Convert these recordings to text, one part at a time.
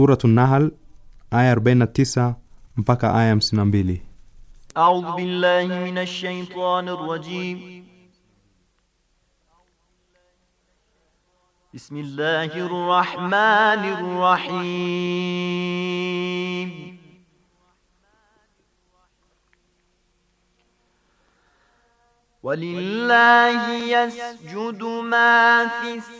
Suratu Nahl aya 49 mpaka aya 52. A'udhu billahi minash shaitani rrajim. Bismillahir rahmanir rahim. Walillahi yasjudu ma fis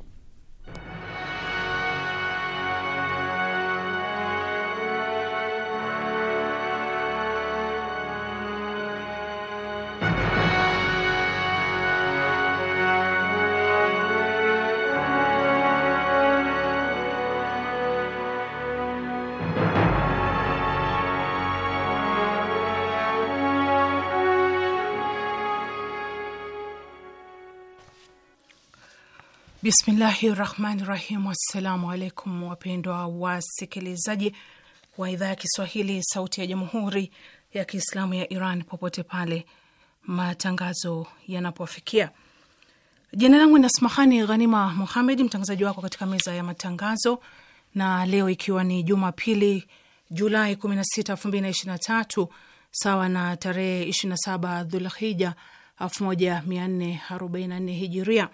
Bismillahi rahmani rahim. Assalamu alaikum wapendwa wasikilizaji wa idhaa ya Kiswahili sauti ya jamhuri ya Kiislamu ya Iran popote pale matangazo yanapofikia. Jina langu ni Asmahani Ghanima Muhamed, mtangazaji wako katika meza ya matangazo, na leo ikiwa ni Jumapili Julai 16, 2023 sawa na tarehe 27 Dhulhija 1444 hijiria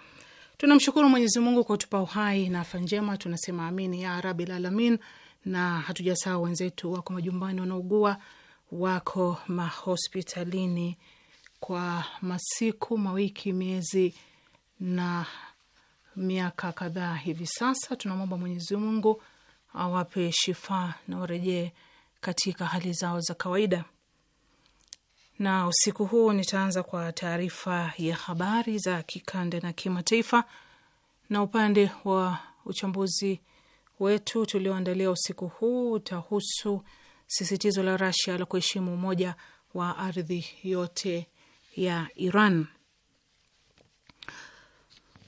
Tunamshukuru Mwenyezi Mungu kwa kutupa uhai na afya njema, tunasema amini ya rabil alamin, na hatujasahau wenzetu wako majumbani wanaugua, wako mahospitalini kwa masiku, mawiki, miezi na miaka kadhaa hivi sasa. Tunamwomba Mwenyezi Mungu awape shifa na warejee katika hali zao za kawaida na usiku huu nitaanza kwa taarifa ya habari za kikanda na kimataifa, na upande wa uchambuzi wetu tulioandalia usiku huu utahusu sisitizo la Rasia la kuheshimu umoja wa ardhi yote ya Iran.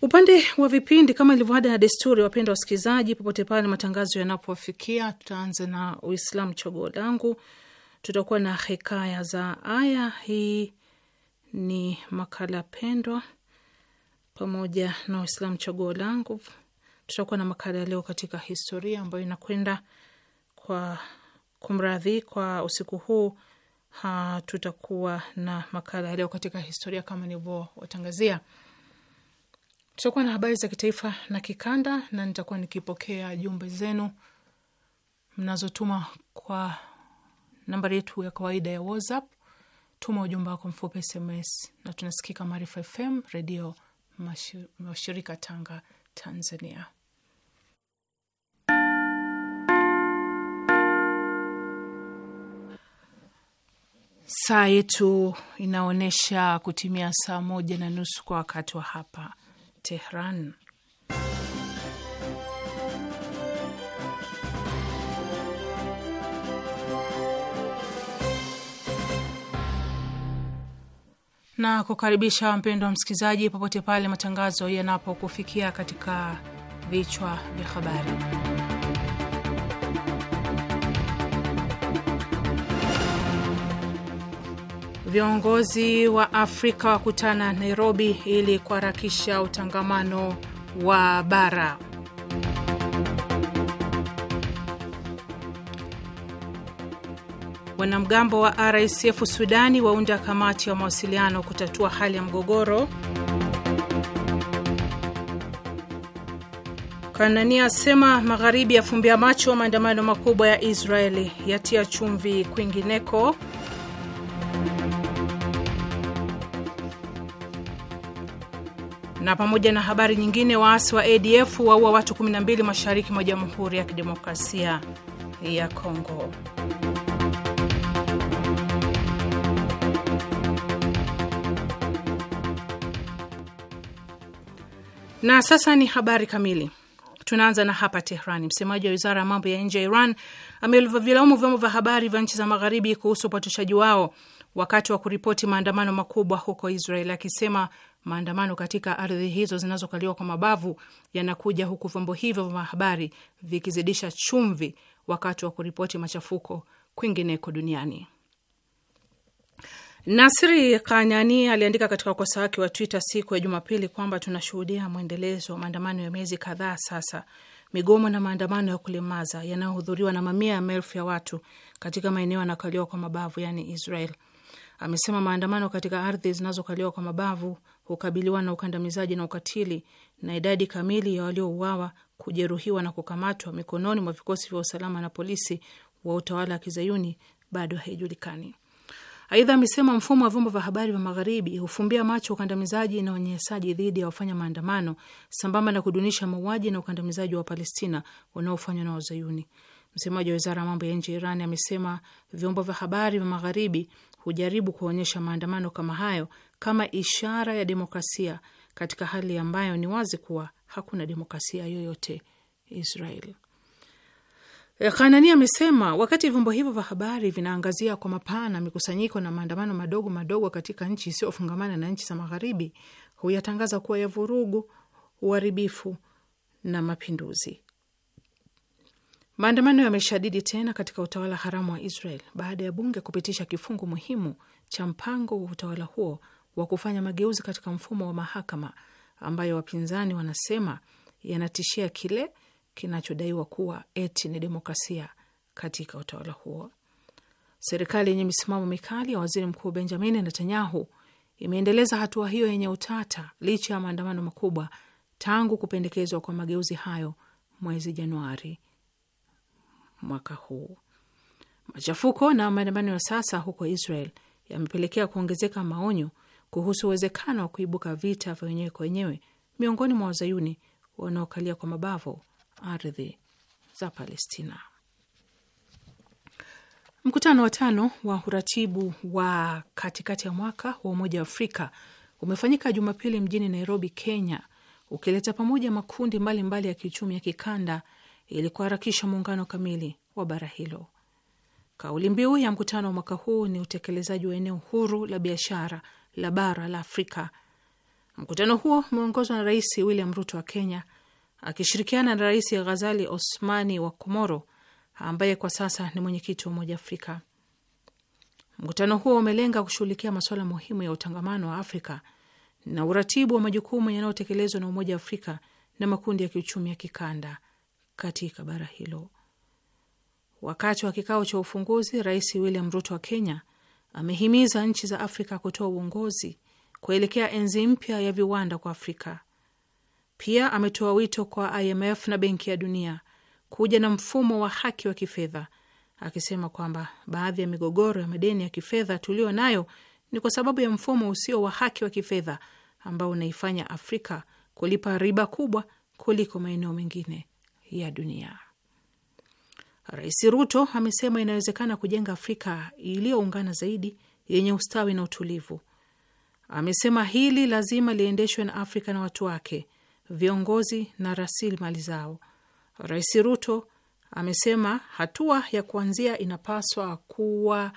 Upande wa vipindi, kama ilivyo ada na desturi, wapenda wasikilizaji, popote pale matangazo yanapowafikia, tutaanza na Uislamu chaguo langu tutakuwa na hekaya za aya. Hii ni makala pendwa pamoja na Uislamu chaguo langu. Tutakuwa na makala ya leo katika historia ambayo inakwenda kwa kumradhi. Kwa usiku huu ha, tutakuwa na makala ya leo katika historia kama nilivyowatangazia. Tutakuwa na habari za kitaifa na kikanda, na nitakuwa nikipokea jumbe zenu mnazotuma kwa nambari yetu ya kawaida ya WhatsApp. Tuma ujumbe wako mfupi SMS, na tunasikika Maarifa FM redio mashirika Tanga, Tanzania. Saa yetu inaonyesha kutimia saa moja na nusu kwa wakati wa hapa Tehran. na kukaribisha mpendo wa msikilizaji popote pale matangazo yanapokufikia katika vichwa vya habari. Viongozi wa Afrika wakutana Nairobi ili kuharakisha utangamano wa bara. Wanamgambo wa RSF Sudani waunda kamati ya wa mawasiliano kutatua hali ya mgogoro. Kanania asema magharibi yafumbia macho maandamano makubwa ya Israeli yatia chumvi kwingineko. Na pamoja na habari nyingine, waasi wa ADF waua watu 12 mashariki mwa Jamhuri ya Kidemokrasia ya Kongo. Na sasa ni habari kamili. Tunaanza na hapa Tehrani. Msemaji wa wizara ya mambo ya nje ya Iran amevilaumu vyombo vya habari vya nchi za magharibi kuhusu upotoshaji wao wakati wa kuripoti maandamano makubwa huko Israel, akisema maandamano katika ardhi hizo zinazokaliwa kwa mabavu yanakuja huku vyombo hivyo vya habari vikizidisha chumvi wakati wa kuripoti machafuko kwingineko duniani. Nasri Kanyani aliandika katika ukurasa wake wa Twitter siku ya Jumapili kwamba tunashuhudia mwendelezo wa maandamano ya miezi kadhaa sasa, migomo na maandamano ya kulemaza yanayohudhuriwa na mamia ya maelfu ya watu katika maeneo yanakaliwa kwa mabavu, yani Israel. Amesema maandamano katika ardhi zinazokaliwa kwa mabavu hukabiliwa na ukandamizaji na ukatili, na idadi kamili ya waliouawa, kujeruhiwa na kukamatwa mikononi mwa vikosi vya usalama na polisi wa utawala wa kizayuni bado haijulikani. Aidha amesema mfumo wa vyombo vya habari vya magharibi hufumbia macho ukandamizaji na unyanyasaji dhidi ya wafanya maandamano sambamba na kudunisha mauaji na ukandamizaji wa Palestina unaofanywa na Wazayuni. Msemaji wa wizara ya mambo ya nje ya Iran amesema vyombo vya habari vya magharibi hujaribu kuonyesha maandamano kama hayo kama ishara ya demokrasia katika hali ambayo ni wazi kuwa hakuna demokrasia yoyote Israeli. Eh, Kanani amesema wakati vyombo hivyo vya habari vinaangazia kwa mapana mikusanyiko na maandamano madogo madogo katika nchi isiyofungamana na nchi za Magharibi, huyatangaza kuwa ya vurugu, uharibifu na mapinduzi. Maandamano yameshadidi tena katika utawala haramu wa Israel baada ya bunge kupitisha kifungu muhimu cha mpango wa utawala huo wa kufanya mageuzi katika mfumo wa mahakama ambayo wapinzani wanasema yanatishia kile kinachodaiwa kuwa eti ni demokrasia katika utawala huo. Serikali yenye misimamo mikali ya waziri mkuu Benjamin Netanyahu imeendeleza hatua hiyo yenye utata licha ya maandamano makubwa tangu kupendekezwa kwa mageuzi hayo mwezi Januari mwaka huu. Machafuko na maandamano ya sasa huko Israel yamepelekea kuongezeka maonyo kuhusu uwezekano wa kuibuka vita vya wenyewe kwa wenyewe miongoni mwa wazayuni wanaokalia kwa mabavu ardhi za Palestina. Mkutano wa tano wa uratibu wa katikati ya mwaka wa Umoja wa Afrika umefanyika Jumapili mjini Nairobi, Kenya, ukileta pamoja makundi mbalimbali mbali ya kiuchumi ya kikanda ili kuharakisha muungano kamili wa bara hilo. Kauli mbiu ya mkutano wa mwaka huu ni utekelezaji wa eneo huru la biashara la bara la Afrika. Mkutano huo umeongozwa na Rais William Ruto wa Kenya akishirikiana na Rais Ghazali Osmani wa Komoro ambaye kwa sasa ni mwenyekiti wa Umoja Afrika. Mkutano huo umelenga kushughulikia masuala muhimu ya utangamano wa Afrika na uratibu wa majukumu yanayotekelezwa na Umoja wa Afrika na makundi ya kiuchumi ya kikanda katika bara hilo. Wakati wa kikao cha ufunguzi, Rais William Ruto wa Kenya amehimiza nchi za Afrika kutoa uongozi kuelekea enzi mpya ya viwanda kwa Afrika. Pia ametoa wito kwa IMF na Benki ya Dunia kuja na mfumo wa haki wa kifedha, akisema kwamba baadhi ya migogoro ya madeni ya kifedha tuliyo nayo ni kwa sababu ya mfumo usio wa haki wa kifedha ambao unaifanya Afrika kulipa riba kubwa kuliko maeneo mengine ya dunia. Rais Ruto amesema inawezekana kujenga Afrika iliyoungana zaidi yenye ustawi na utulivu. Amesema hili lazima liendeshwe na Afrika na watu wake viongozi na rasilimali zao. Rais Ruto amesema hatua ya kuanzia inapaswa kuwa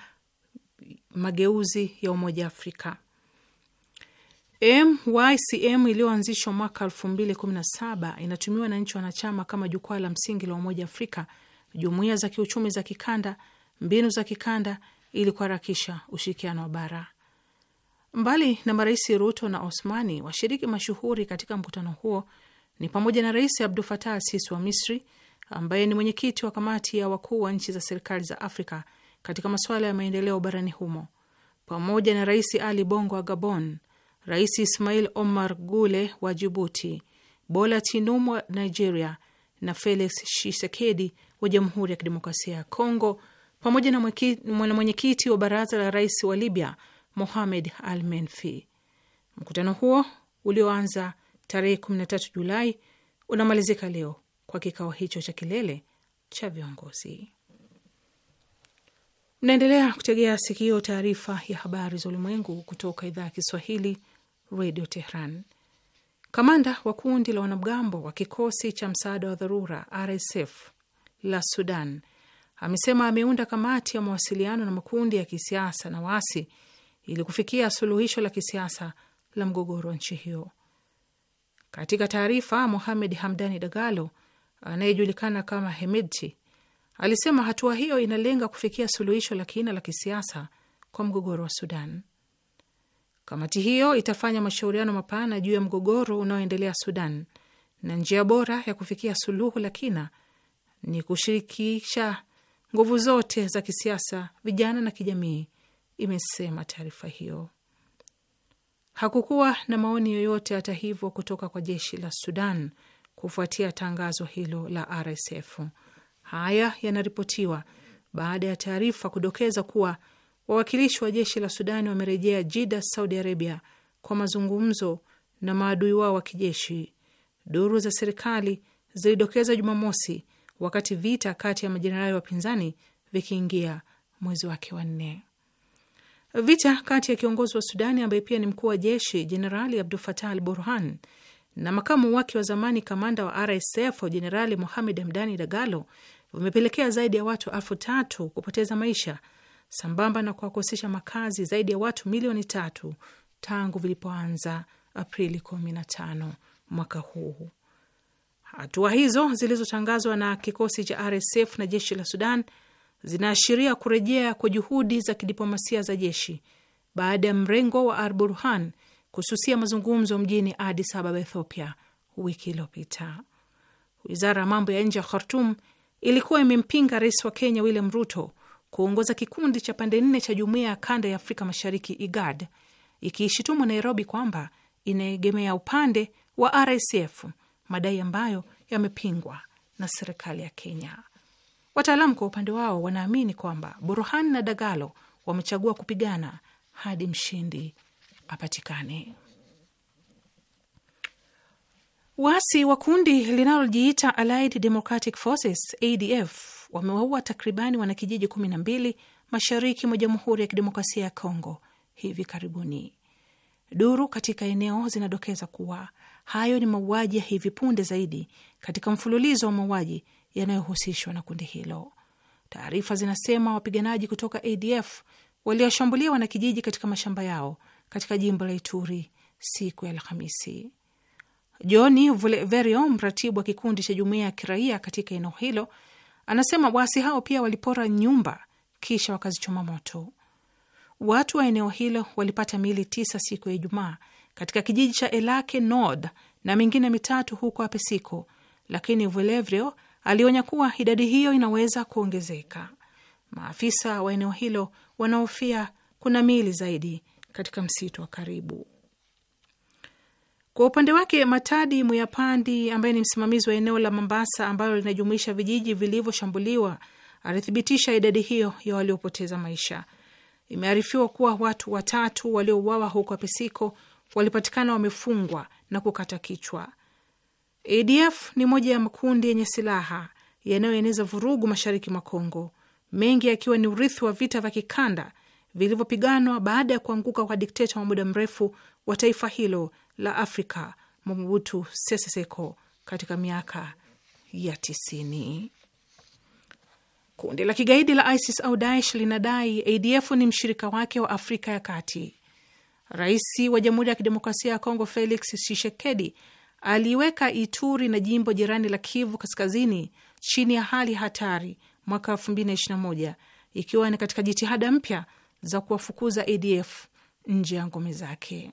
mageuzi ya Umoja Afrika. MYCM iliyoanzishwa mwaka 2017 inatumiwa na nchi wanachama kama jukwaa la msingi la Umoja Afrika, jumuiya za kiuchumi za kikanda, mbinu za kikanda ili kuharakisha ushirikiano wa bara. Mbali na marais Ruto na Osmani, washiriki mashuhuri katika mkutano huo ni pamoja na Rais Abdul Fatah Sisi wa Misri ambaye ni mwenyekiti wa kamati ya wakuu wa nchi za serikali za Afrika katika masuala ya maendeleo barani humo, pamoja na Rais Ali Bongo wa Gabon, Rais Ismail Omar Gule wa Jibuti, Bola Tinubu wa Nigeria na Felix Tshisekedi wa Jamhuri ya Kidemokrasia ya Kongo, pamoja na mwenyekiti wa baraza la rais wa Libya Mohamed Al Menfi. Mkutano huo ulioanza tarehe 13 Julai unamalizika leo kwa kikao hicho cha kilele cha viongozi. Mnaendelea kutegea sikio taarifa ya habari za ulimwengu kutoka idhaa ya Kiswahili, Radio Tehran. Kamanda wa kundi la wanamgambo wa kikosi cha msaada wa dharura RSF la Sudan amesema ameunda kamati ya mawasiliano na makundi ya kisiasa na waasi ili kufikia suluhisho la kisiasa la mgogoro wa nchi hiyo. Katika taarifa, Mohamed Hamdani Dagalo anayejulikana kama Hemedti alisema hatua hiyo inalenga kufikia suluhisho la kina la kisiasa kwa mgogoro wa Sudan. Kamati hiyo itafanya mashauriano mapana juu ya mgogoro unaoendelea Sudan, na njia bora ya kufikia suluhu la kina ni kushirikisha nguvu zote za kisiasa, vijana na kijamii imesema taarifa hiyo. Hakukuwa na maoni yoyote hata hivyo kutoka kwa jeshi la Sudan kufuatia tangazo hilo la RSF. Haya yanaripotiwa baada ya taarifa kudokeza kuwa wawakilishi wa jeshi la Sudani wamerejea Jida, Saudi Arabia, kwa mazungumzo na maadui wao wa kijeshi. Duru za serikali zilidokeza Jumamosi, wakati vita kati ya majenerali wapinzani vikiingia mwezi wake wa nne. Vita kati ya kiongozi wa Sudani ambaye pia ni mkuu wa jeshi Jenerali Abdul Fatah al Burhan na makamu wake wa zamani kamanda wa RSF Jenerali Mohamed Hamdani Dagalo vimepelekea zaidi ya watu elfu tatu kupoteza maisha sambamba na kuwakosesha makazi zaidi ya watu milioni tatu tangu vilipoanza Aprili 15 mwaka huu. Hatua hizo zilizotangazwa na kikosi cha RSF na jeshi la Sudan zinaashiria kurejea kwa juhudi za kidiplomasia za jeshi baada ya mrengo wa Al-Burhan kususia mazungumzo mjini adis Ababa, Ethiopia, wiki iliyopita. Wizara ya mambo ya nje ya Khartum ilikuwa imempinga rais wa Kenya William Ruto kuongoza kikundi cha pande nne cha jumuiya ya kanda ya Afrika Mashariki, IGAD, ikiishutumu Nairobi kwamba inaegemea upande wa RSF, madai ambayo yamepingwa na serikali ya Kenya. Wataalamu kwa upande wao wanaamini kwamba Burhan na Dagalo wamechagua kupigana hadi mshindi apatikane. Waasi wa kundi linalojiita Allied Democratic Forces ADF wamewaua takribani wanakijiji kumi na mbili mashariki mwa Jamhuri ya Kidemokrasia ya Kongo hivi karibuni. Duru katika eneo zinadokeza kuwa hayo ni mauaji ya hivi punde zaidi katika mfululizo wa mauaji yanayohusishwa na kundi hilo. Taarifa zinasema wapiganaji kutoka ADF waliwashambulia wanakijiji katika mashamba yao katika jimbo la Ituri siku ya Alhamisi. Johni Vuleverio, mratibu wa kikundi cha jumuiya ya kiraia katika eneo hilo, anasema waasi hao pia walipora nyumba kisha wakazichoma moto. Watu wa eneo hilo walipata miili tisa siku ya Ijumaa katika kijiji cha Elake Nord na mingine mitatu huko Apesiko, lakini Vuleverio alionya kuwa idadi hiyo inaweza kuongezeka. Maafisa wa eneo hilo wanahofia kuna miili zaidi katika msitu wa karibu. Kwa upande wake, Matadi Muyapandi ambaye ni msimamizi wa eneo la Mambasa ambalo linajumuisha vijiji vilivyoshambuliwa alithibitisha idadi hiyo ya waliopoteza maisha. Imearifiwa kuwa watu watatu waliouawa huko apisiko walipatikana wamefungwa na kukata kichwa. ADF ni moja ya makundi yenye silaha yanayoeneza vurugu mashariki mwa Kongo, mengi yakiwa ni urithi wa vita vya kikanda vilivyopiganwa baada ya kuanguka kwa dikteta wa muda mrefu wa taifa hilo la Afrika, Mobutu Sese Seko katika miaka ya tisini. Kundi la kigaidi la ISIS au Daesh linadai ADF ni mshirika wake wa Afrika ya Kati. Rais wa Jamhuri ya Kidemokrasia ya Kongo Felix Tshisekedi aliweka Ituri na jimbo jirani la Kivu Kaskazini chini ya hali hatari mwaka 2021 ikiwa ni katika jitihada mpya za kuwafukuza ADF nje ya ngome zake.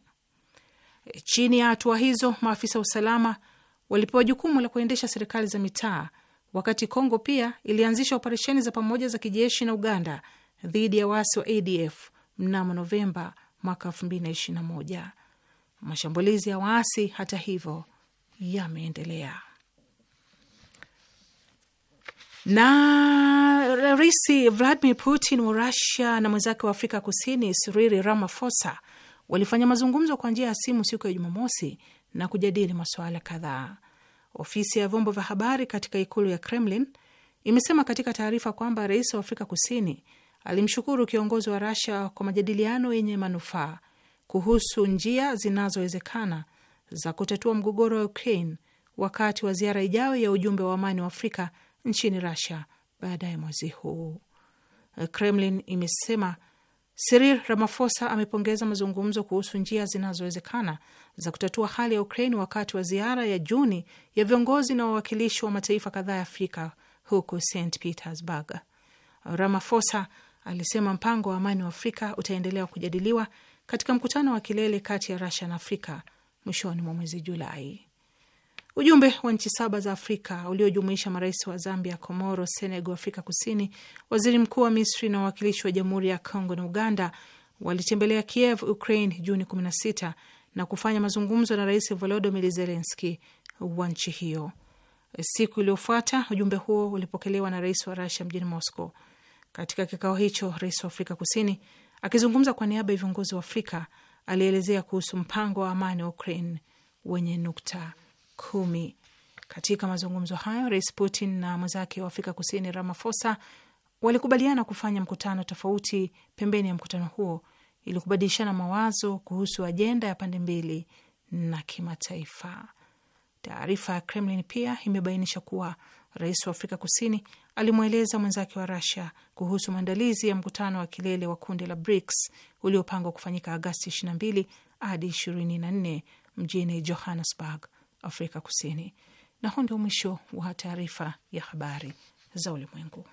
Chini ya hatua hizo, maafisa wa usalama walipewa jukumu la kuendesha serikali za mitaa, wakati Kongo pia ilianzisha operesheni za pamoja za kijeshi na Uganda dhidi ya waasi wa ADF mnamo Novemba mwaka 2021. Mashambulizi ya waasi, hata hivyo, yameendelea. Na Rais Vladimir Putin wa Rusia na mwenzake wa Afrika Kusini Cyril Ramaphosa walifanya mazungumzo kwa njia ya simu siku ya Jumamosi na kujadili masuala kadhaa. Ofisi ya vyombo vya habari katika ikulu ya Kremlin imesema katika taarifa kwamba rais wa Afrika Kusini alimshukuru kiongozi wa Russia kwa majadiliano yenye manufaa kuhusu njia zinazowezekana za kutatua mgogoro wa Ukraine wakati wa ziara ijayo ya ujumbe wa amani wa Afrika nchini rusia baadaye mwezi huu. Kremlin imesema Cyril Ramaphosa amepongeza mazungumzo kuhusu njia zinazowezekana za kutatua hali ya Ukraine wakati wa ziara ya Juni ya viongozi na wawakilishi wa mataifa kadhaa ya Afrika huko St Petersburg. Ramaphosa alisema mpango wa amani wa Afrika utaendelea kujadiliwa katika mkutano wa kilele kati ya rusia na Afrika mwishoni mwa mwezi Julai. Ujumbe wa nchi saba za Afrika uliojumuisha marais wa Zambia, Komoro, Senegal, Afrika Kusini, waziri mkuu wa Misri na wawakilishi wa Jamhuri ya congo na Uganda walitembelea Kiev, Ukraine Juni 16 na kufanya mazungumzo na Rais volodomir Zelenski wa nchi hiyo. Siku iliyofuata ujumbe huo ulipokelewa na rais wa Rasia mjini Moscow. Katika kikao hicho, rais wa Afrika Kusini akizungumza kwa niaba ya viongozi wa Afrika alielezea kuhusu mpango wa amani wa Ukraine wenye nukta kumi. Katika mazungumzo hayo, Rais Putin na mwenzake wa Afrika Kusini Ramaphosa walikubaliana kufanya mkutano tofauti pembeni ya mkutano huo ili kubadilishana mawazo kuhusu ajenda ya pande mbili na kimataifa. Taarifa ya Kremlin pia imebainisha kuwa rais wa Afrika Kusini alimweleza mwenzake wa Rasia kuhusu maandalizi ya mkutano wa kilele wa kundi la BRICS uliopangwa kufanyika Agasti 22 hadi 24 mjini Johannesburg, Afrika Kusini. Na huu ndio mwisho wa taarifa ya habari za ulimwengu.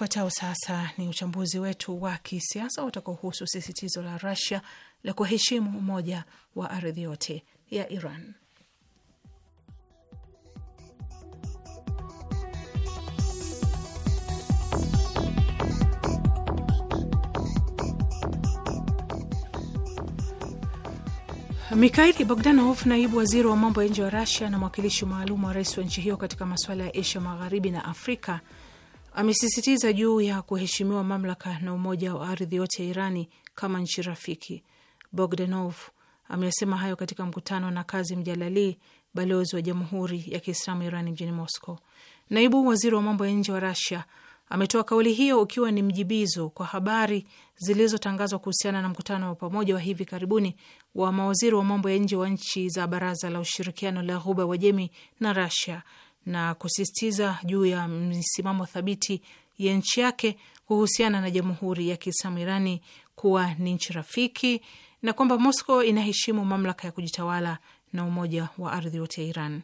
Ufuatao sasa ni uchambuzi wetu wa kisiasa utakaohusu sisitizo la rusia la kuheshimu umoja wa ardhi yote ya Iran. Mikhail Bogdanov, naibu waziri wa mambo ya nje wa Rasia na mwakilishi maalum wa rais wa nchi hiyo katika masuala ya Asia Magharibi na Afrika, amesisitiza juu ya kuheshimiwa mamlaka na umoja wa ardhi yote ya Irani kama nchi rafiki. Bogdanov amesema hayo katika mkutano na Kazim Jalali, balozi wa Jamhuri ya Kiislamu Irani mjini Moscow. Naibu waziri wa mambo ya nje wa Rasia ametoa kauli hiyo ukiwa ni mjibizo kwa habari zilizotangazwa kuhusiana na mkutano wa pamoja wa hivi karibuni wa mawaziri wa mambo ya nje wa nchi za Baraza la Ushirikiano la Ghuba Wajemi na Rasia na kusisitiza juu ya misimamo thabiti ya nchi yake kuhusiana na Jamhuri ya Kiislamu Irani kuwa ni nchi rafiki na kwamba Moscow inaheshimu mamlaka ya kujitawala na umoja wa ardhi yote ya Iran.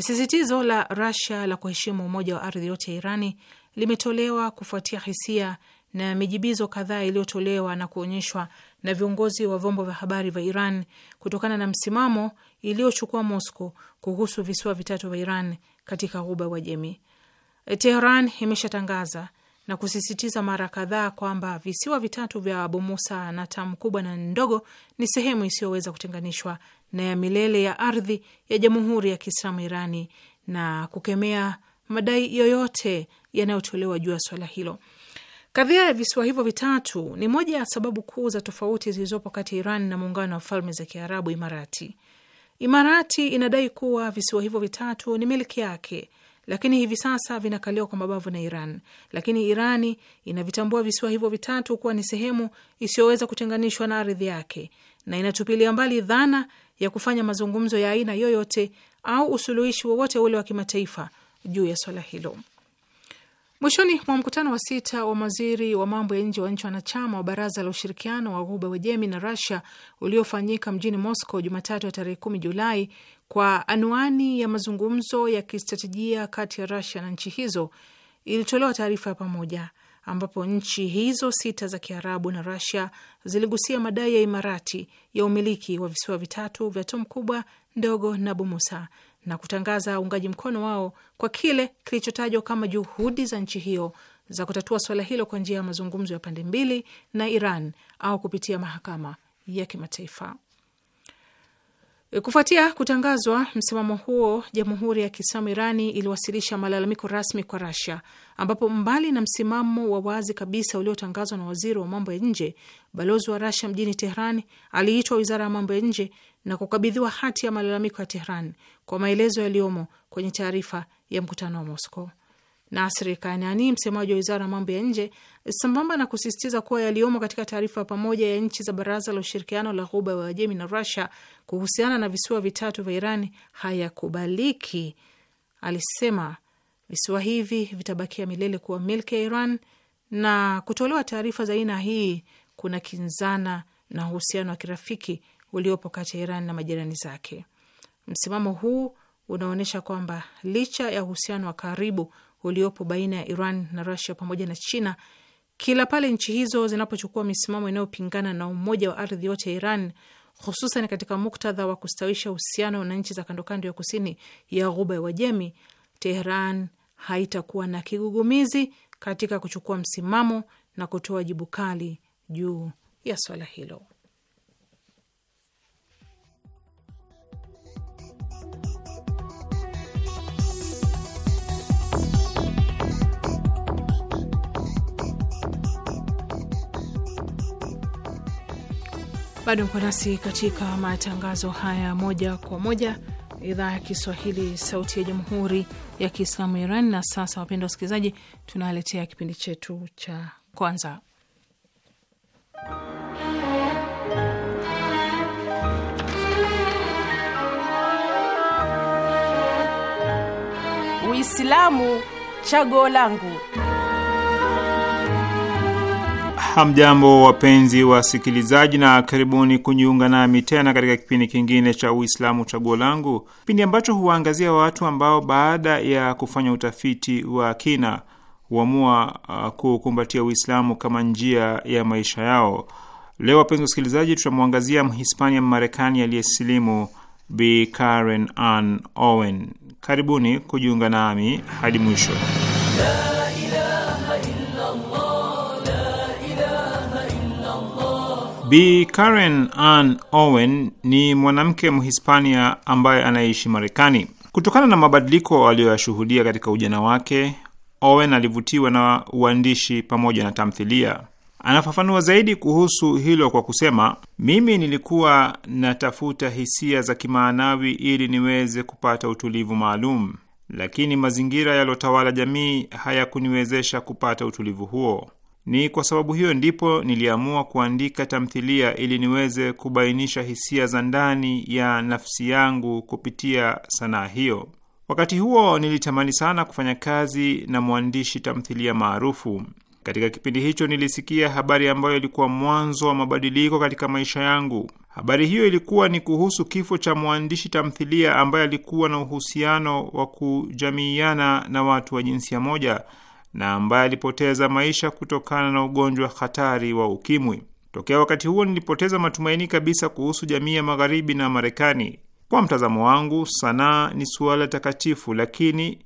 Sisitizo la Russia la kuheshimu umoja wa ardhi yote ya Irani limetolewa kufuatia hisia na mijibizo kadhaa iliyotolewa na kuonyeshwa na viongozi wa vyombo vya habari vya Iran kutokana na msimamo iliyochukua Moscow kuhusu visiwa vitatu vya Iran katika ghuba wa jamii. Tehran imeshatangaza na kusisitiza mara kadhaa kwamba visiwa vitatu vya Abu Musa na Tam kubwa na ndogo ni sehemu isiyoweza kutenganishwa na ya milele ya ardhi ya Jamhuri ya Kiislamu Irani na kukemea madai yoyote yanayotolewa juu ya swala hilo. Kadhia ya visiwa hivyo vitatu ni moja ya sababu kuu za tofauti zilizopo kati ya Iran na Muungano wa Falme za Kiarabu, Imarati. Imarati inadai kuwa visiwa hivyo vitatu ni milki yake, lakini hivi sasa vinakaliwa kwa mabavu na Iran. Lakini Irani inavitambua visiwa hivyo vitatu kuwa ni sehemu isiyoweza kutenganishwa na ardhi yake na inatupilia mbali dhana ya kufanya mazungumzo ya aina yoyote au usuluhishi wowote ule wa kimataifa juu ya swala hilo. Mwishoni mwa mkutano wa sita wa mawaziri wa mambo ya nje wa nchi wanachama wa Baraza la Ushirikiano wa Ghuba Wajemi na rusia uliofanyika mjini Moscow Jumatatu ya tarehe kumi Julai kwa anwani ya mazungumzo ya kistratejia kati ya rasia na nchi hizo, ilitolewa taarifa ya pamoja ambapo nchi hizo sita za Kiarabu na rasia ziligusia madai ya Imarati ya umiliki wa visiwa vitatu vya Tom Kubwa, Ndogo na Bumusa na kutangaza uungaji mkono wao kwa kile kilichotajwa kama juhudi za nchi hiyo za kutatua swala hilo kwa njia ya mazungumzo ya pande mbili na Iran au kupitia mahakama ya kimataifa. E, kufuatia kutangazwa msimamo huo, Jamhuri ya Kiislamu Irani iliwasilisha malalamiko rasmi kwa Rasia, ambapo mbali na msimamo wa wazi kabisa uliotangazwa na waziri wa mambo ya nje, balozi wa Rasia mjini Tehran aliitwa wizara ya mambo ya nje na kukabidhiwa hati ya malalamiko ya Tehran kwa maelezo yaliyomo kwenye taarifa ya mkutano wa Moscow. Nasri Kanani, msemaji wa wizara ya mambo ya nje, sambamba na kusisitiza kuwa yaliyomo katika taarifa ya pamoja ya nchi za Baraza la Ushirikiano la Ghuba ya Uajemi na Rusia kuhusiana na visiwa vitatu vya Iran hayakubaliki, alisema visiwa hivi vitabakia milele kuwa milki ya Iran na kutolewa taarifa za aina hii kuna kinzana na uhusiano wa kirafiki uliopo kati ya Iran na majirani zake. Msimamo huu unaonyesha kwamba licha ya uhusiano wa karibu uliopo baina ya Iran na Rusia pamoja na China, kila pale nchi hizo zinapochukua misimamo inayopingana na umoja wa ardhi yote ya Iran, hususan katika muktadha wa kustawisha uhusiano na nchi za kandokando ya kusini ya Ghuba ya Uajemi, Tehran haitakuwa na kigugumizi katika kuchukua msimamo na kutoa jibu kali juu ya swala hilo. Bado mko nasi katika matangazo haya moja kwa moja, idhaa ya Kiswahili, sauti ya jamhuri ya kiislamu ya Iran. Na sasa, wapenda wasikilizaji, tunaletea kipindi chetu cha kwanza, Uislamu Chaguo Langu. Hamjambo, wapenzi wasikilizaji, na karibuni kujiunga nami tena katika kipindi kingine cha Uislamu Chaguo Langu, kipindi ambacho huwaangazia watu ambao baada ya kufanya utafiti wa kina huamua uh, kukumbatia Uislamu kama njia ya maisha yao. Leo wapenzi wasikilizaji, tutamwangazia Mhispania Mmarekani aliyesilimu Bi Karen Ann Owen. Karibuni kujiunga nami hadi mwisho. Bi Karen Ann Owen ni mwanamke Mhispania ambaye anaishi Marekani. Kutokana na mabadiliko aliyoyashuhudia katika ujana wake, Owen alivutiwa na uandishi pamoja na tamthilia. Anafafanua zaidi kuhusu hilo kwa kusema, mimi nilikuwa natafuta hisia za kimaanawi ili niweze kupata utulivu maalum, lakini mazingira yaliyotawala jamii hayakuniwezesha kupata utulivu huo. Ni kwa sababu hiyo ndipo niliamua kuandika tamthilia ili niweze kubainisha hisia za ndani ya nafsi yangu kupitia sanaa hiyo. Wakati huo nilitamani sana kufanya kazi na mwandishi tamthilia maarufu. Katika kipindi hicho nilisikia habari ambayo ilikuwa mwanzo wa mabadiliko katika maisha yangu. Habari hiyo ilikuwa ni kuhusu kifo cha mwandishi tamthilia ambaye alikuwa na uhusiano wa kujamiiana na watu wa jinsia moja na ambaye alipoteza maisha kutokana na ugonjwa hatari wa ukimwi. Tokea wakati huo nilipoteza matumaini kabisa kuhusu jamii ya magharibi na Marekani. Kwa mtazamo wangu, sanaa ni suala takatifu, lakini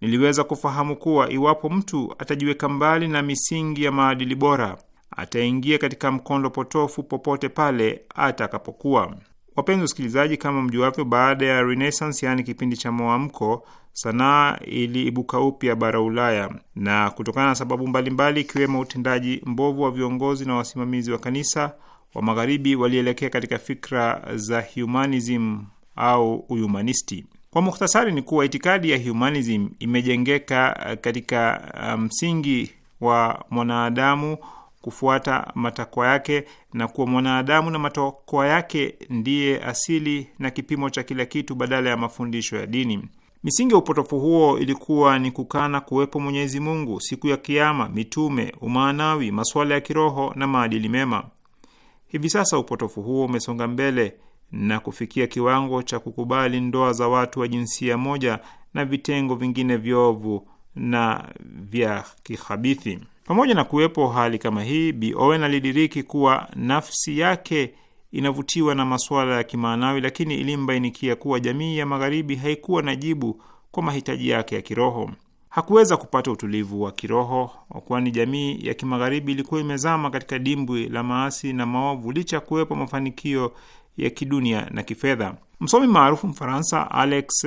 niliweza kufahamu kuwa iwapo mtu atajiweka mbali na misingi ya maadili bora, ataingia katika mkondo potofu popote pale atakapokuwa. Wapenzi wasikilizaji, kama mjuavyo, baada ya Renaissance, yaani kipindi cha mwamko, sanaa iliibuka upya bara Ulaya na kutokana na sababu mbalimbali ikiwemo mbali, utendaji mbovu wa viongozi na wasimamizi wa kanisa wa magharibi walielekea katika fikra za humanism au uyumanisti. Kwa mukhtasari, ni kuwa itikadi ya humanism imejengeka katika uh, msingi um, wa mwanadamu kufuata matakwa yake na kuwa mwanadamu na matakwa yake ndiye asili na kipimo cha kila kitu badala ya mafundisho ya dini. Misingi ya upotofu huo ilikuwa ni kukana kuwepo Mwenyezi Mungu, siku ya Kiama, mitume, umaanawi, masuala ya kiroho na maadili mema. Hivi sasa upotofu huo umesonga mbele na kufikia kiwango cha kukubali ndoa za watu wa jinsia moja na vitengo vingine viovu na vya kihabithi. Pamoja na kuwepo hali kama hii, Bowen alidiriki kuwa nafsi yake inavutiwa na masuala ya kimaanawi, lakini ilimbainikia kuwa jamii ya Magharibi haikuwa na jibu kwa mahitaji yake ya kiroho. Hakuweza kupata utulivu wa kiroho, kwani jamii ya kimagharibi ilikuwa imezama katika dimbwi la maasi na maovu, licha ya kuwepo mafanikio ya kidunia na kifedha. Msomi maarufu Mfaransa Alex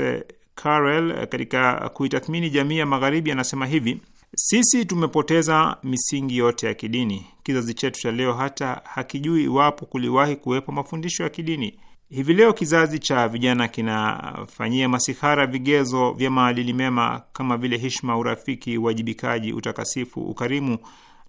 Carrel katika kuitathmini jamii ya magharibi anasema hivi: sisi tumepoteza misingi yote ya kidini. Kizazi chetu cha leo hata hakijui iwapo kuliwahi kuwepo mafundisho ya kidini. Hivi leo kizazi cha vijana kinafanyia masihara vigezo vya maadili mema kama vile hishma, urafiki, uwajibikaji, utakasifu, ukarimu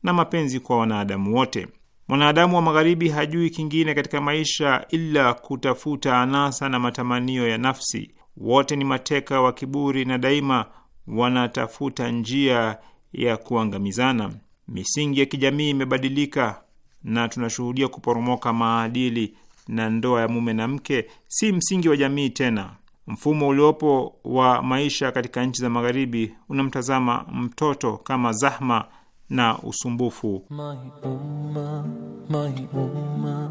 na mapenzi kwa wanadamu wote. Mwanadamu wa Magharibi hajui kingine katika maisha ila kutafuta anasa na matamanio ya nafsi. Wote ni mateka wa kiburi na daima wanatafuta njia ya kuangamizana. Misingi ya kijamii imebadilika na tunashuhudia kuporomoka maadili, na ndoa ya mume na mke si msingi wa jamii tena. Mfumo uliopo wa maisha katika nchi za Magharibi unamtazama mtoto kama zahma na usumbufu. my umma, my umma,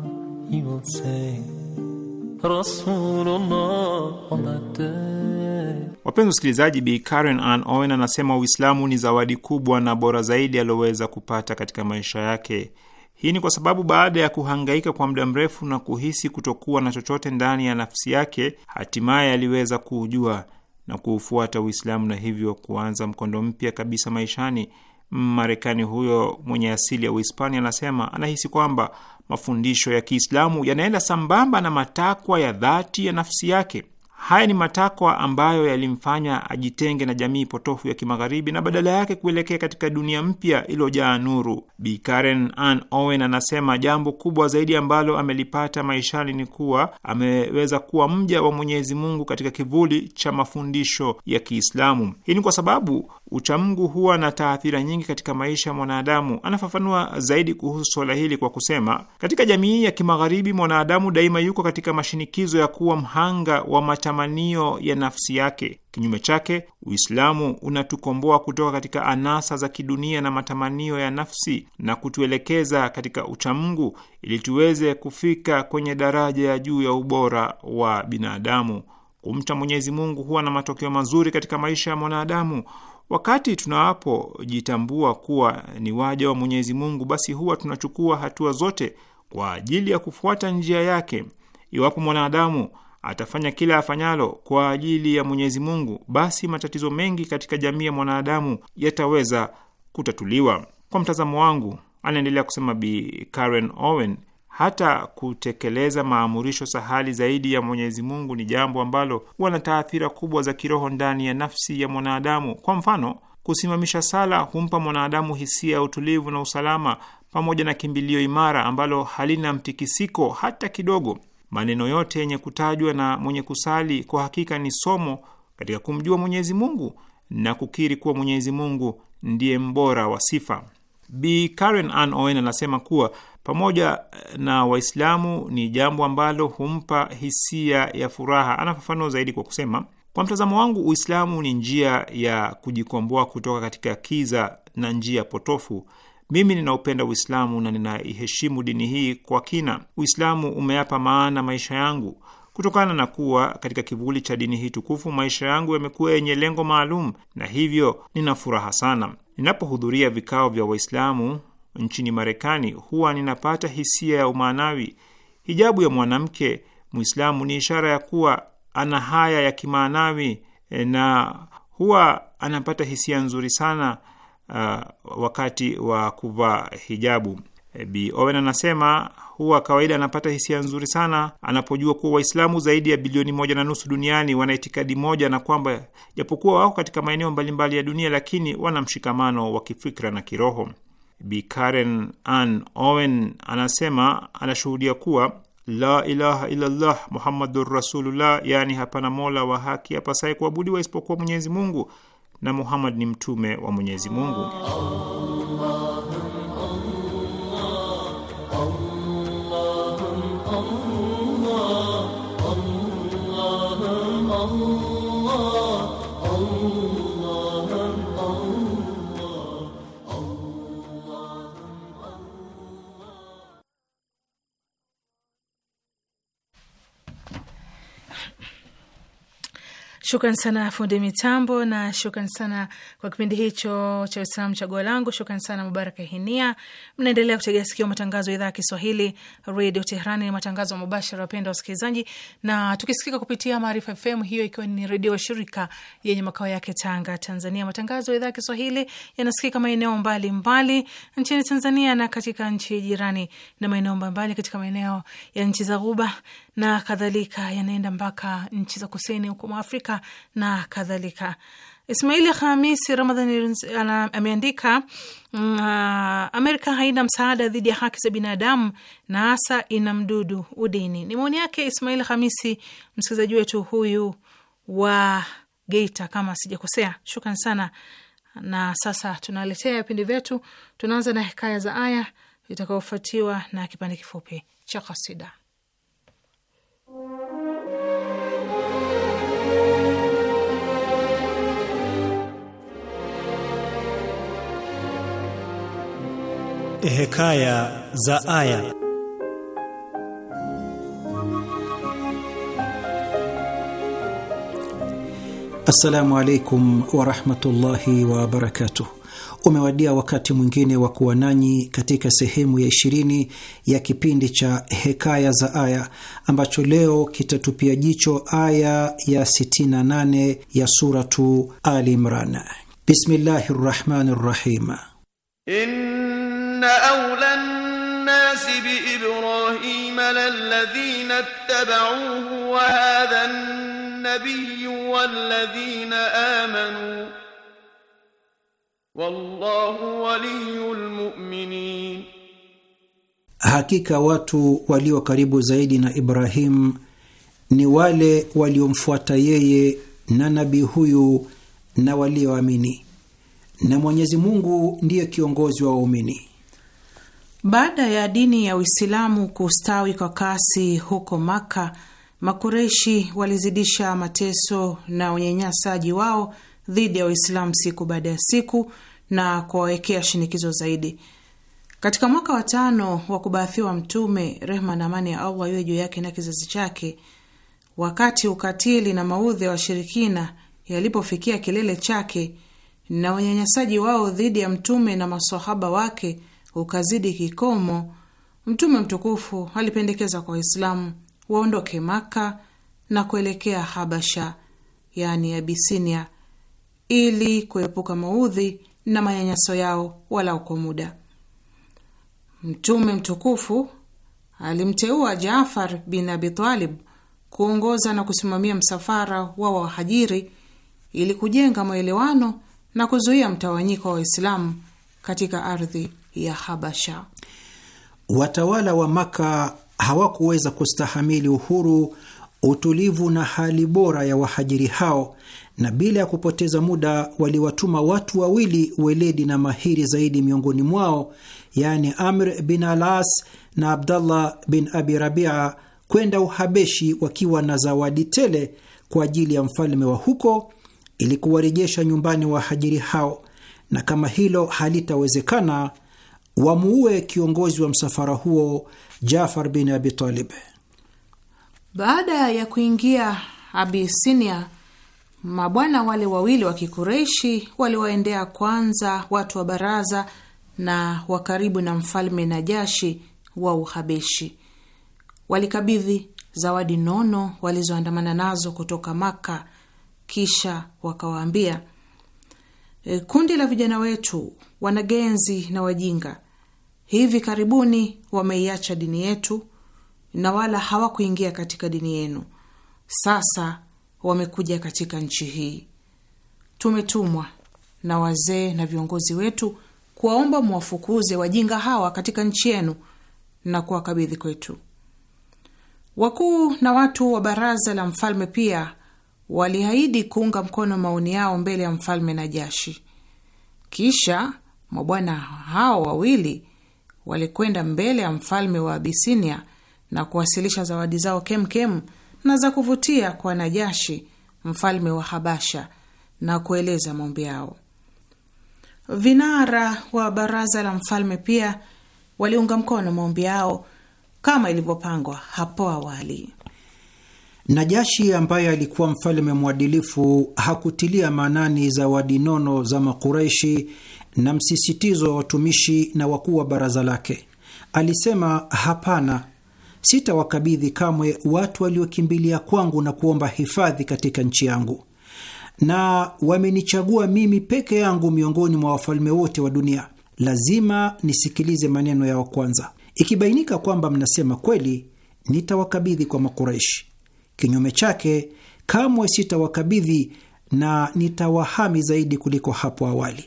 Wapenzi wasikilizaji, Bi Karen Ann Owen anasema Uislamu ni zawadi kubwa na bora zaidi aliyoweza kupata katika maisha yake. Hii ni kwa sababu baada ya kuhangaika kwa muda mrefu na kuhisi kutokuwa na chochote ndani ya nafsi yake, hatimaye aliweza kuujua na kuufuata Uislamu na hivyo kuanza mkondo mpya kabisa maishani. Marekani huyo mwenye asili ya Uhispania anasema anahisi kwamba mafundisho ya Kiislamu yanaenda sambamba na matakwa ya dhati ya nafsi yake. Haya ni matakwa ambayo yalimfanya ajitenge na jamii potofu ya kimagharibi na badala yake kuelekea katika dunia mpya iliyojaa nuru. Bi Karen Ann Owen anasema jambo kubwa zaidi ambalo amelipata maishani ni kuwa ameweza kuwa mja wa Mwenyezi Mungu katika kivuli cha mafundisho ya Kiislamu. Hii ni kwa sababu uchamungu huwa na taathira nyingi katika maisha ya mwanadamu. Anafafanua zaidi kuhusu suala hili kwa kusema, katika jamii ya kimagharibi mwanadamu daima yuko katika mashinikizo ya kuwa mhanga wa matamanio ya nafsi yake. Kinyume chake, Uislamu unatukomboa kutoka katika anasa za kidunia na matamanio ya nafsi na kutuelekeza katika uchamungu ili tuweze kufika kwenye daraja ya juu ya ubora wa binadamu. Kumcha Mwenyezi Mungu huwa na matokeo mazuri katika maisha ya mwanadamu. Wakati tunapojitambua kuwa ni waja wa Mwenyezi Mungu, basi huwa tunachukua hatua zote kwa ajili ya kufuata njia yake. Iwapo mwanadamu atafanya kila afanyalo kwa ajili ya Mwenyezi Mungu, basi matatizo mengi katika jamii ya mwanadamu yataweza kutatuliwa. Kwa mtazamo wangu, anaendelea kusema Bi Karen Owen, hata kutekeleza maamurisho sahali zaidi ya Mwenyezi Mungu ni jambo ambalo huwa na taathira kubwa za kiroho ndani ya nafsi ya mwanadamu. Kwa mfano, kusimamisha sala humpa mwanadamu hisia ya utulivu na usalama pamoja na kimbilio imara ambalo halina mtikisiko hata kidogo. Maneno yote yenye kutajwa na mwenye kusali kwa hakika ni somo katika kumjua Mwenyezi Mungu na kukiri kuwa Mwenyezi Mungu ndiye mbora wa sifa. Bi Karen Ann Owen anasema kuwa pamoja na Waislamu ni jambo ambalo humpa hisia ya furaha. Anafafanua zaidi kwa kusema, kwa mtazamo wangu, Uislamu ni njia ya kujikomboa kutoka katika kiza na njia potofu mimi ninaupenda Uislamu na ninaiheshimu dini hii kwa kina. Uislamu umeyapa maana maisha yangu. Kutokana na kuwa katika kivuli cha dini hii tukufu, maisha yangu yamekuwa yenye lengo maalum, na hivyo nina furaha sana. Ninapohudhuria vikao vya Waislamu nchini Marekani, huwa ninapata hisia ya umaanawi. Hijabu ya mwanamke Mwislamu ni ishara ya kuwa ana haya ya kimaanawi eh, na huwa anapata hisia nzuri sana uh, wakati wa kuvaa hijabu. Bi Owen anasema huwa kawaida anapata hisia nzuri sana anapojua kuwa Waislamu zaidi ya bilioni moja na nusu duniani wana itikadi moja na kwamba japokuwa wako katika maeneo mbalimbali ya dunia, lakini wana mshikamano wa kifikra na kiroho. Bi Karen Ann Owen anasema anashuhudia kuwa la ilaha illallah muhammadun rasulullah, yaani hapana mola wa haki apasaye kuabudiwa isipokuwa Mwenyezi Mungu na Muhammad ni mtume wa Mwenyezi Mungu. Shukran sana fundi mitambo, na shukran sana kwa kipindi hicho cha Uislam chaguo langu. Shukran sana Mubaraka Hinia. Mnaendelea kutegea sikio matangazo ya idhaa ya Kiswahili Redio Tehrani, ni matangazo mubashara, wapenda wasikilizaji, na tukisikika kupitia Maarifa FM, hiyo ikiwa ni redio wa shirika yenye makao yake Tanga, Tanzania. Matangazo ya idhaa ya Kiswahili yanasikika maeneo mbalimbali nchini Tanzania na katika nchi jirani na maeneo mbalimbali katika maeneo ya nchi za Ghuba na kadhalika, yanaenda mpaka nchi za kusini huko mwa Afrika na kadhalika. Ismaili Hamisi Ramadhani ameandika uh, Amerika haina msaada dhidi ya haki za binadamu na hasa ina mdudu udini. Ni maoni yake ismail Hamisi, msikilizaji wetu huyu wa Geita kama sijakosea. Shukran sana. Na sasa tunaletea vipindi vyetu. Tunaanza na hekaya za aya itakayofuatiwa na kipande kifupi cha kasida. Hekaya za aya. Assalamu alaikum warahmatullahi wabarakatuh. Umewadia wakati mwingine wa kuwa nanyi katika sehemu ya ishirini ya kipindi cha Hekaya za Aya ambacho leo kitatupia jicho aya ya 68 ya suratu Ali Imran. Bismillahi rahmani rahim. إن أولى الناس بإبراهيم للذين اتبعوه وهذا النبي والذين آمنوا والله ولي المؤمنين Hakika watu walio karibu zaidi na Ibrahim ni wale waliomfuata yeye na nabii huyu na walioamini, na Mwenyezi Mungu ndiye kiongozi wa waumini. Baada ya dini ya Uislamu kustawi kwa kasi huko Maka, Makureshi walizidisha mateso na unyanyasaji wao dhidi ya Waislamu siku baada ya siku na kuwawekea shinikizo zaidi. Katika mwaka wa tano wa kubaathiwa Mtume, rehma na amani ya Allah iwe juu yake na kizazi chake, wakati ukatili na maudhi ya washirikina yalipofikia kilele chake na unyanyasaji wao dhidi ya Mtume na masahaba wake ukazidi kikomo, Mtume mtukufu alipendekeza kwa Waislamu waondoke Maka na kuelekea Habasha, yani Abisinia, ili kuepuka maudhi na manyanyaso yao walau kwa muda. Mtume mtukufu alimteua Jaafar bin Abitalib kuongoza na kusimamia msafara wa wahajiri ili kujenga maelewano na kuzuia mtawanyiko wa Waislamu katika ardhi ya Habasha. Watawala wa Maka hawakuweza kustahamili uhuru, utulivu na hali bora ya wahajiri hao, na bila ya kupoteza muda waliwatuma watu wawili weledi na mahiri zaidi miongoni mwao, yaani Amr bin Alas na Abdallah bin Abi Rabia kwenda Uhabeshi wakiwa na zawadi tele kwa ajili ya mfalme wa huko ili kuwarejesha nyumbani wahajiri hao, na kama hilo halitawezekana wamuue kiongozi wa msafara huo Jafar bin Abi Talib. Baada ya kuingia Abisinia, mabwana wale wawili wa Kikureishi waliwaendea kwanza watu wa baraza na wa karibu na mfalme Najashi wa Uhabeshi. Walikabidhi zawadi nono walizoandamana nazo kutoka Maka, kisha wakawaambia, e, kundi la vijana wetu wanagenzi na wajinga hivi karibuni wameiacha dini yetu na wala hawakuingia katika dini yenu. Sasa wamekuja katika nchi hii. Tumetumwa na wazee na viongozi wetu kuwaomba mwafukuze wajinga hawa katika nchi yenu na kuwakabidhi kwetu. Wakuu na watu wa baraza la mfalme pia waliahidi kuunga mkono maoni yao mbele ya mfalme na jashi. Kisha mabwana hao wawili walikwenda mbele ya mfalme wa Abisinia na kuwasilisha zawadi zao kemkem na za kuvutia kwa Najashi, mfalme wa Habasha, na kueleza maombi yao. Vinara wa baraza la mfalme pia waliunga mkono maombi yao kama ilivyopangwa hapo awali. Najashi ambaye alikuwa mfalme mwadilifu hakutilia maanani zawadi nono za Makureishi na msisitizo wa watumishi na wakuu wa baraza lake. Alisema, hapana, sitawakabidhi kamwe watu waliokimbilia kwangu na kuomba hifadhi katika nchi yangu, na wamenichagua mimi peke yangu miongoni mwa wafalme wote wa dunia. Lazima nisikilize maneno yao kwanza. Ikibainika kwamba mnasema kweli, nitawakabidhi kwa Makuraishi. Kinyume chake, kamwe sitawakabidhi na nitawahami zaidi kuliko hapo awali.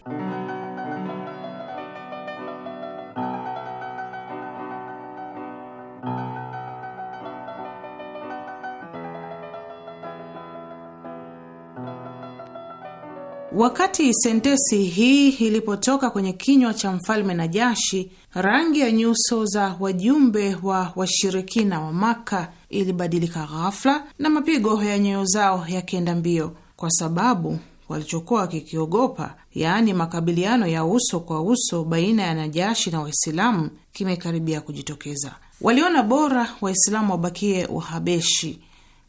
Wakati sentensi hii ilipotoka kwenye kinywa cha mfalme Najashi, rangi ya nyuso za wajumbe wa washirikina wa Maka ilibadilika ghafla na mapigo ya nyoyo zao yakienda mbio, kwa sababu walichokuwa wakikiogopa, yaani makabiliano ya uso kwa uso baina ya Najashi na Waislamu, kimekaribia kujitokeza. Waliona bora Waislamu wabakie Uhabeshi,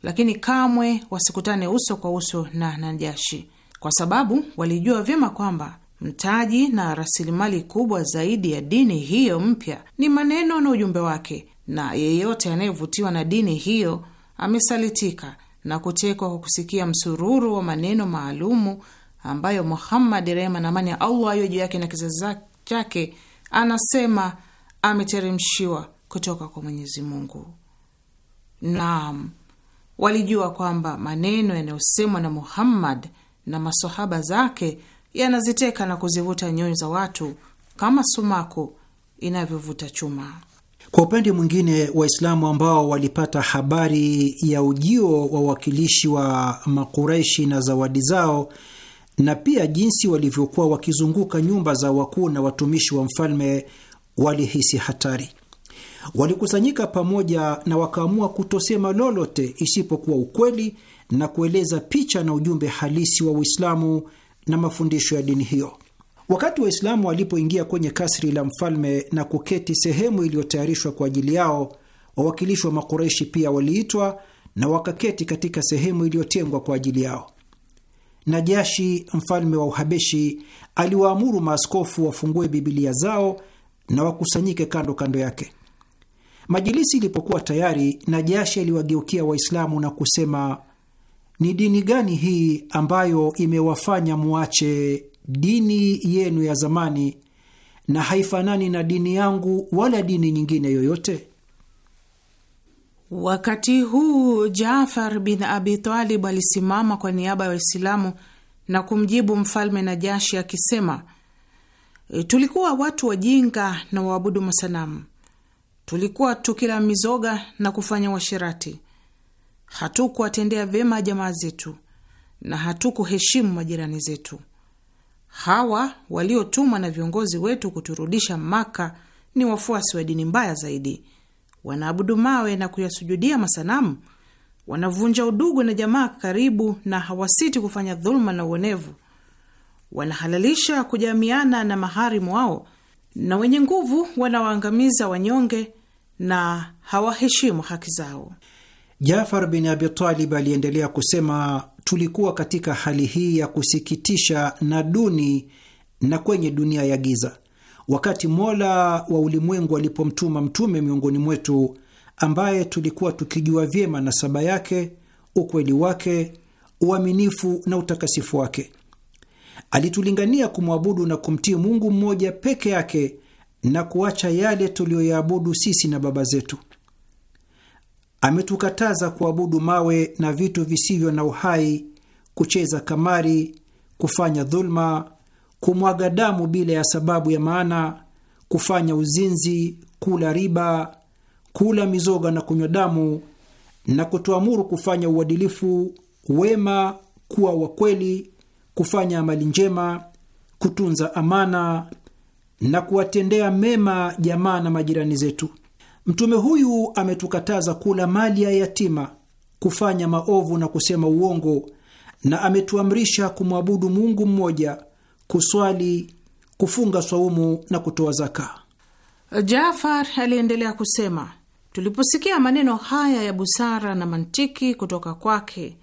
lakini kamwe wasikutane uso kwa uso na Najashi kwa sababu walijua vyema kwamba mtaji na rasilimali kubwa zaidi ya dini hiyo mpya ni maneno na ujumbe wake, na yeyote anayevutiwa na dini hiyo amesalitika na kutekwa kwa kusikia msururu wa maneno maalumu ambayo Muhammad, rehma na amani ya Allah iwe juu yake na kizazi chake, anasema ameteremshiwa kutoka kwa Mwenyezi Mungu. Naam, walijua kwamba maneno yanayosemwa na Muhammad na masohaba zake yanaziteka na kuzivuta nyoyo za watu kama sumaku inavyovuta chuma. Kwa upande mwingine, Waislamu ambao walipata habari ya ujio wa wawakilishi wa Makuraishi na zawadi zao na pia jinsi walivyokuwa wakizunguka nyumba za wakuu na watumishi wa mfalme walihisi hatari. Walikusanyika pamoja na wakaamua kutosema lolote isipokuwa ukweli na kueleza picha na ujumbe halisi wa Uislamu na mafundisho ya dini hiyo. Wakati Waislamu walipoingia kwenye kasri la mfalme na kuketi sehemu iliyotayarishwa kwa ajili yao, wawakilishi wa Makureshi pia waliitwa na wakaketi katika sehemu iliyotengwa kwa ajili yao. Najashi, mfalme wa Uhabeshi, aliwaamuru maaskofu wafungue Bibilia zao na wakusanyike kando kando yake. Majilisi ilipokuwa tayari, Najashi aliwageukia Waislamu na kusema, ni dini gani hii ambayo imewafanya muache dini yenu ya zamani na haifanani na dini yangu wala dini nyingine yoyote? Wakati huu Jaafar bin Abi Talib alisimama kwa niaba ya Waislamu na kumjibu mfalme Najashi akisema, tulikuwa watu wajinga na waabudu masanamu, tulikuwa tukila mizoga na kufanya washirati hatukuwatendea vyema jamaa zetu na hatukuheshimu majirani zetu. Hawa waliotumwa na viongozi wetu kuturudisha Maka ni wafuasi wa dini mbaya zaidi, wanaabudu mawe na kuyasujudia masanamu, wanavunja udugu na jamaa karibu, na hawasiti kufanya dhuluma na uonevu. Wanahalalisha kujamiana na maharimu wao, na wenye nguvu wanawaangamiza wanyonge na hawaheshimu haki zao. Jafar bin Abi Talib aliendelea kusema, tulikuwa katika hali hii ya kusikitisha na duni na kwenye dunia ya giza, wakati Mola wa ulimwengu alipomtuma mtume miongoni mwetu ambaye tulikuwa tukijua vyema nasaba yake, ukweli wake, uaminifu na utakasifu wake. Alitulingania kumwabudu na kumtii Mungu mmoja peke yake na kuacha yale tuliyoyaabudu sisi na baba zetu. Ametukataza kuabudu mawe na vitu visivyo na uhai, kucheza kamari, kufanya dhulma, kumwaga damu bila ya sababu ya maana, kufanya uzinzi, kula riba, kula mizoga na kunywa damu, na kutuamuru kufanya uadilifu, wema, kuwa wakweli, kufanya amali njema, kutunza amana na kuwatendea mema jamaa na majirani zetu. Mtume huyu ametukataza kula mali ya yatima, kufanya maovu na kusema uongo, na ametuamrisha kumwabudu Mungu mmoja, kuswali, kufunga swaumu na kutoa zaka. Jafar aliendelea kusema, tuliposikia maneno haya ya busara na mantiki kutoka kwake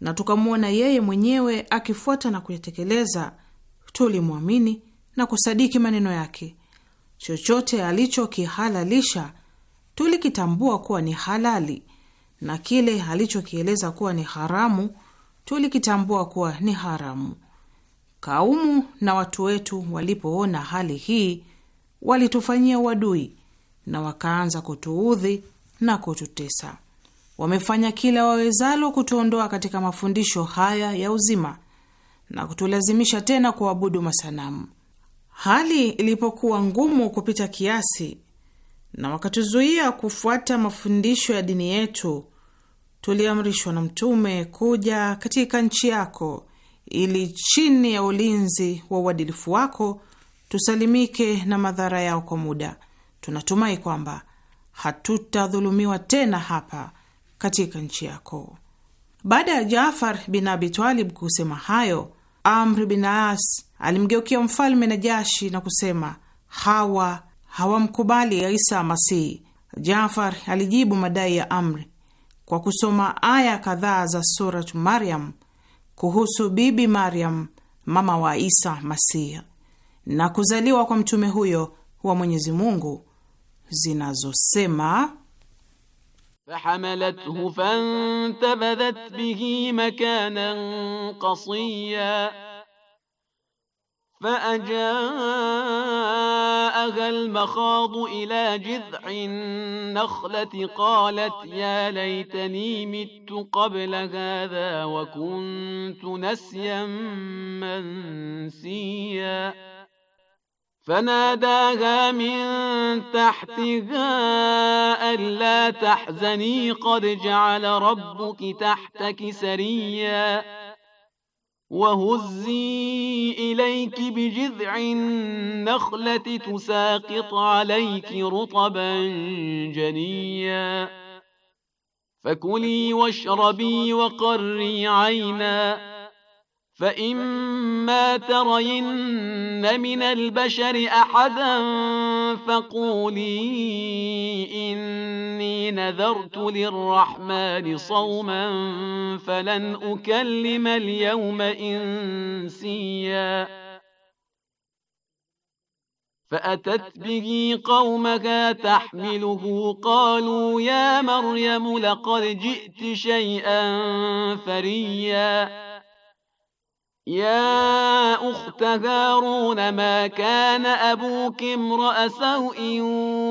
na tukamwona yeye mwenyewe akifuata na kuyatekeleza, tulimwamini na kusadiki maneno yake. Chochote alichokihalalisha tulikitambua kuwa ni halali na kile alichokieleza kuwa ni haramu tulikitambua kuwa ni haramu. Kaumu na watu wetu walipoona hali hii, walitufanyia uadui na wakaanza kutuudhi na kututesa. Wamefanya kila wawezalo kutuondoa katika mafundisho haya ya uzima na kutulazimisha tena kuabudu masanamu. Hali ilipokuwa ngumu kupita kiasi, na wakatuzuia kufuata mafundisho ya dini yetu, tuliamrishwa na Mtume kuja katika nchi yako ili chini ya ulinzi wa uadilifu wako tusalimike na madhara yao kwa muda. Tunatumai kwamba hatutadhulumiwa tena hapa katika nchi yako. Baada ya Jafar bin Abi Talib kusema hayo, Amr bin Aas alimgeukia mfalme Najashi na kusema, hawa hawamkubali Isa Masihi. Jafar alijibu madai ya Amri kwa kusoma aya kadhaa za surat Maryam kuhusu Bibi Maryam, mama wa Isa Masihi, na kuzaliwa kwa mtume huyo wa Mwenyezi Mungu zinazosema fahamalathu fantabadhat bihi makanan qasiya فأجاءها المخاض إلى جذع النخلة قالت يا ليتني مت قبل هذا وكنت نسيا منسيا فناداها من تحتها ألا تحزني قد جعل ربك تحتك سريا وهزي إليك بجذع النخلة تساقط عليك رطبا جنيا فكلي واشربي وقري عيناً فإما ترين من البشر أحدا فقولي إني نذرت للرحمن صوما فلن أكلم اليوم إنسيا فأتت به قومها تحمله قالوا يا مريم لقد جئت شيئا فريا يا أخت هارون ما كان أبوك امرأ سوء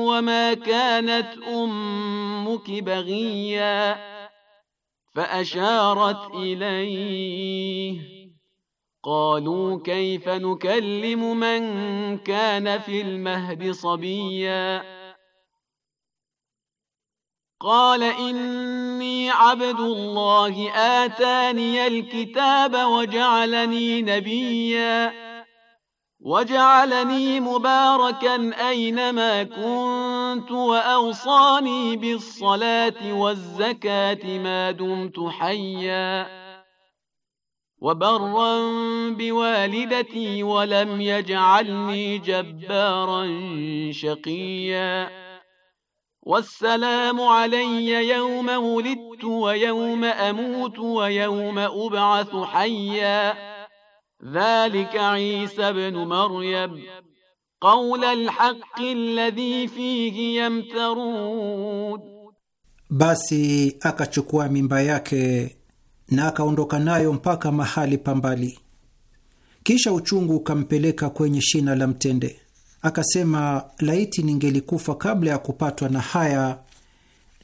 وما كانت أمك بغيا فأشارت إليه قالوا كيف نكلم من كان في المهد صبيا قال إني عبد الله آتاني الكتاب وجعلني نبيا وجعلني مباركا أينما كنت وأوصاني بالصلاة والزكاة ما دمت حيا وبرا بوالدتي ولم يجعلني جبارا شقيا Wassalamu alayya yawma wulidtu wa yawma amutu wa yawma ub'athu hayya dhalika Isa ibn Maryam qawla alhaqqi alladhi fihi yamtarun, basi akachukua mimba yake na akaondoka nayo mpaka mahali pa mbali, kisha uchungu ukampeleka kwenye shina la mtende Akasema, laiti ningelikufa kabla ya kupatwa na haya,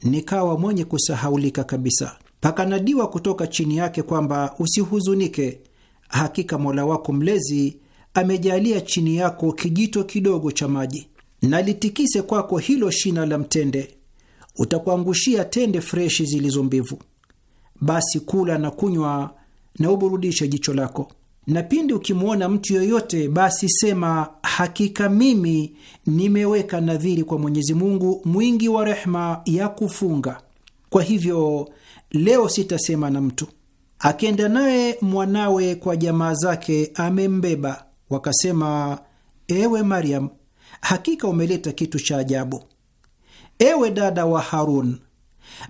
nikawa mwenye kusahaulika kabisa. Pakanadiwa kutoka chini yake kwamba usihuzunike, hakika Mola wako mlezi amejalia chini yako kijito kidogo cha maji, nalitikise kwako hilo shina la mtende, utakuangushia tende freshi zilizo mbivu, basi kula na kunywa na uburudishe jicho lako na pindi ukimwona mtu yoyote, basi sema, hakika mimi nimeweka nadhiri kwa Mwenyezi Mungu mwingi wa rehma ya kufunga, kwa hivyo leo sitasema na mtu. Akenda naye mwanawe kwa jamaa zake, amembeba wakasema, ewe Maryam, hakika umeleta kitu cha ajabu. Ewe dada wa Harun,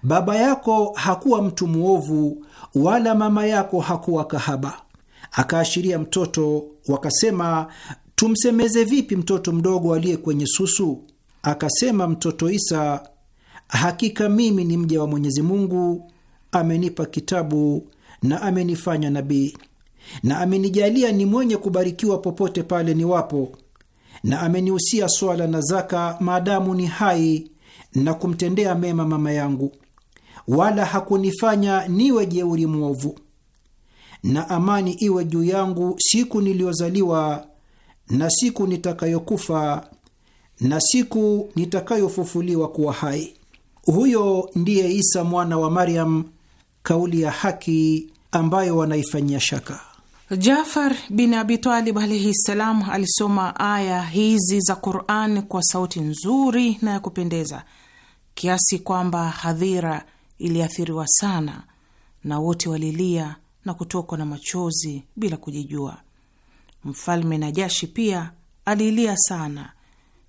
baba yako hakuwa mtu mwovu, wala mama yako hakuwa kahaba akaashiria mtoto. Wakasema, tumsemeze vipi mtoto mdogo aliye kwenye susu? Akasema mtoto Isa, hakika mimi ni mja wa Mwenyezi Mungu, amenipa kitabu na amenifanya nabii na amenijalia ni mwenye kubarikiwa popote pale niwapo, na amenihusia swala na zaka maadamu ni hai, na kumtendea mema mama yangu, wala hakunifanya niwe jeuri mwovu na amani iwe juu yangu siku niliyozaliwa na siku nitakayokufa na siku nitakayofufuliwa kuwa hai. Huyo ndiye Isa mwana wa Maryam, kauli ya haki ambayo wanaifanyia shaka. Jafar bin Abi Talib alaihi ssalam alisoma aya hizi za Quran kwa sauti nzuri na ya kupendeza kiasi kwamba hadhira iliathiriwa sana na wote walilia na kutokwa na machozi bila kujijua. Mfalme Najashi pia alilia sana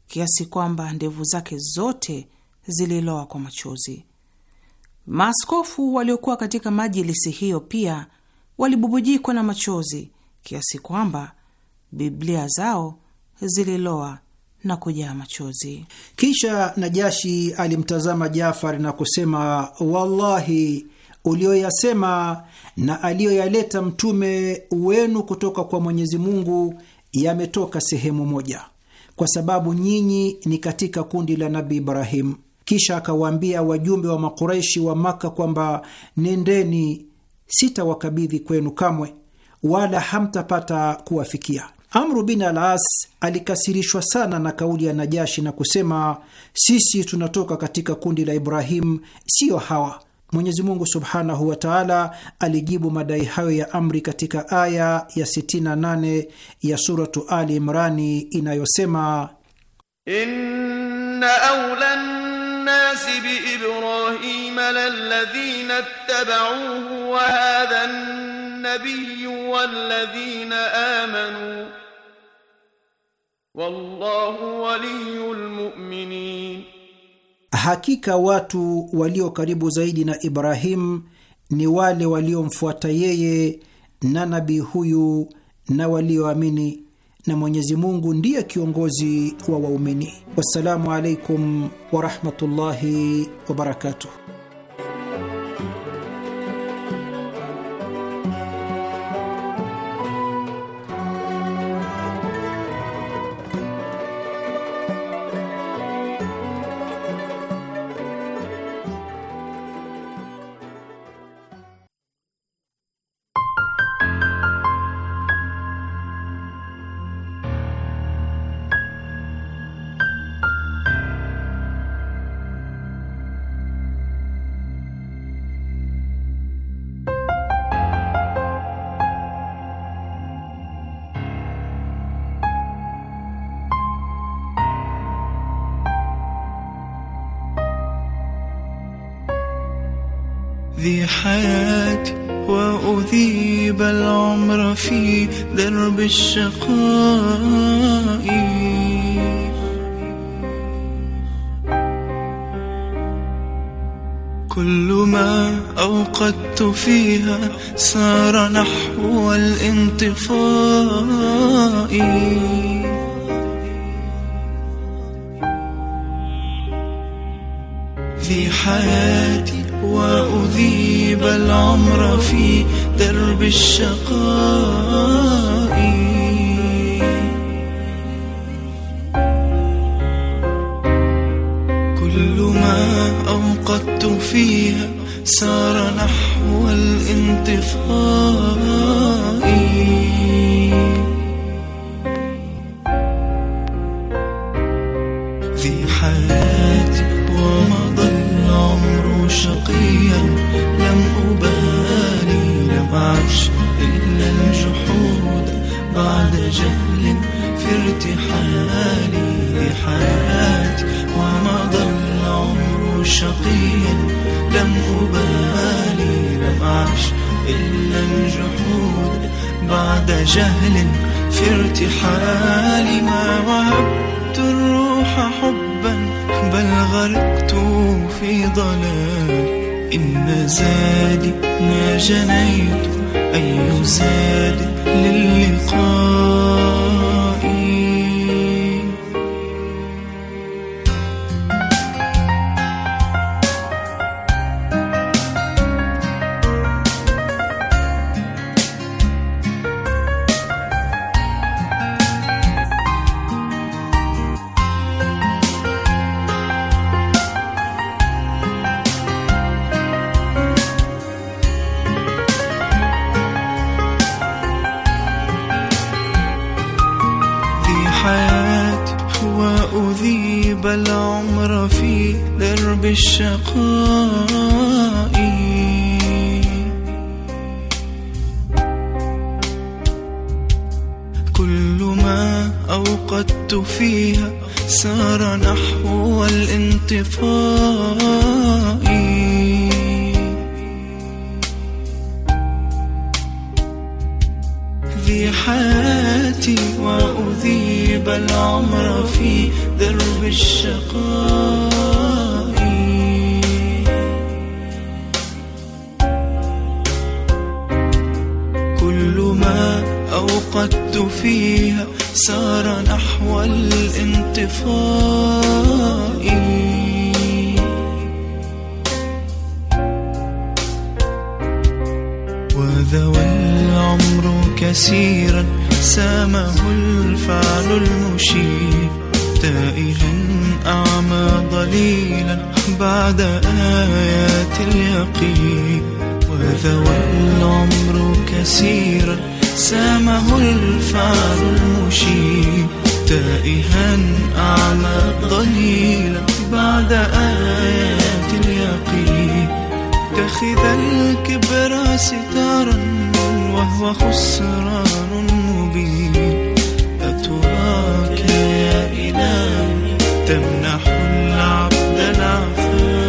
kiasi kwamba ndevu zake zote zililoa kwa machozi. Maaskofu waliokuwa katika majilisi hiyo pia walibubujikwa na machozi kiasi kwamba Biblia zao zililoa na kujaa machozi. Kisha Najashi alimtazama Jafari na kusema, wallahi, ulioyasema na aliyoyaleta mtume wenu kutoka kwa Mwenyezi Mungu yametoka sehemu moja, kwa sababu nyinyi ni katika kundi la Nabi Ibrahimu. Kisha akawaambia wajumbe wa Makuraishi wa Maka kwamba nendeni, sitawakabidhi kwenu kamwe, wala hamtapata kuwafikia. Amru bin Alas alikasirishwa sana na kauli ya Najashi na kusema, sisi tunatoka katika kundi la Ibrahimu, siyo hawa Mwenyezi Mungu subhanahu wa taala alijibu madai hayo ya amri katika aya ya 68 ya Suratu Ali Imrani inayosema inna awlan nasi bi Ibrahima lalladhina ittabauhu wa hadha nabiyyu walladhina amanu wallahu waliyul mu'minin Hakika watu walio karibu zaidi na Ibrahim ni wale waliomfuata yeye na nabii huyu na walioamini, na Mwenyezi Mungu ndiye kiongozi wa waumini. Wassalamu alaikum warahmatullahi wabarakatuh. شقائي كل ما أوقدت فيها سار نحو الانطفاء ذي حياتي وأذيب العمر في درب الشقاء كل ما أوقدت فيها سار نحو الانطفاء جهل في ارتحالي ما وهبت الروح حبا بل غرقت في ضلال إن زادي ما جنيت أي زاد للقاء حياتي وأذيب العمر في درب الشقاء كل ما أوقدت فيها سار نحو الانطفاء يسيرا سامه الفعل المشيب تائها أعمى ضليلا بعد آيات اليقين وذوى العمر كثيرا سامه الفعل المشيب تائها أعمى ضليلا بعد آيات اليقين اتخذ الكبر ستارا وهو خسران مبين أتراك يا إلهي تمنح العبد العفاء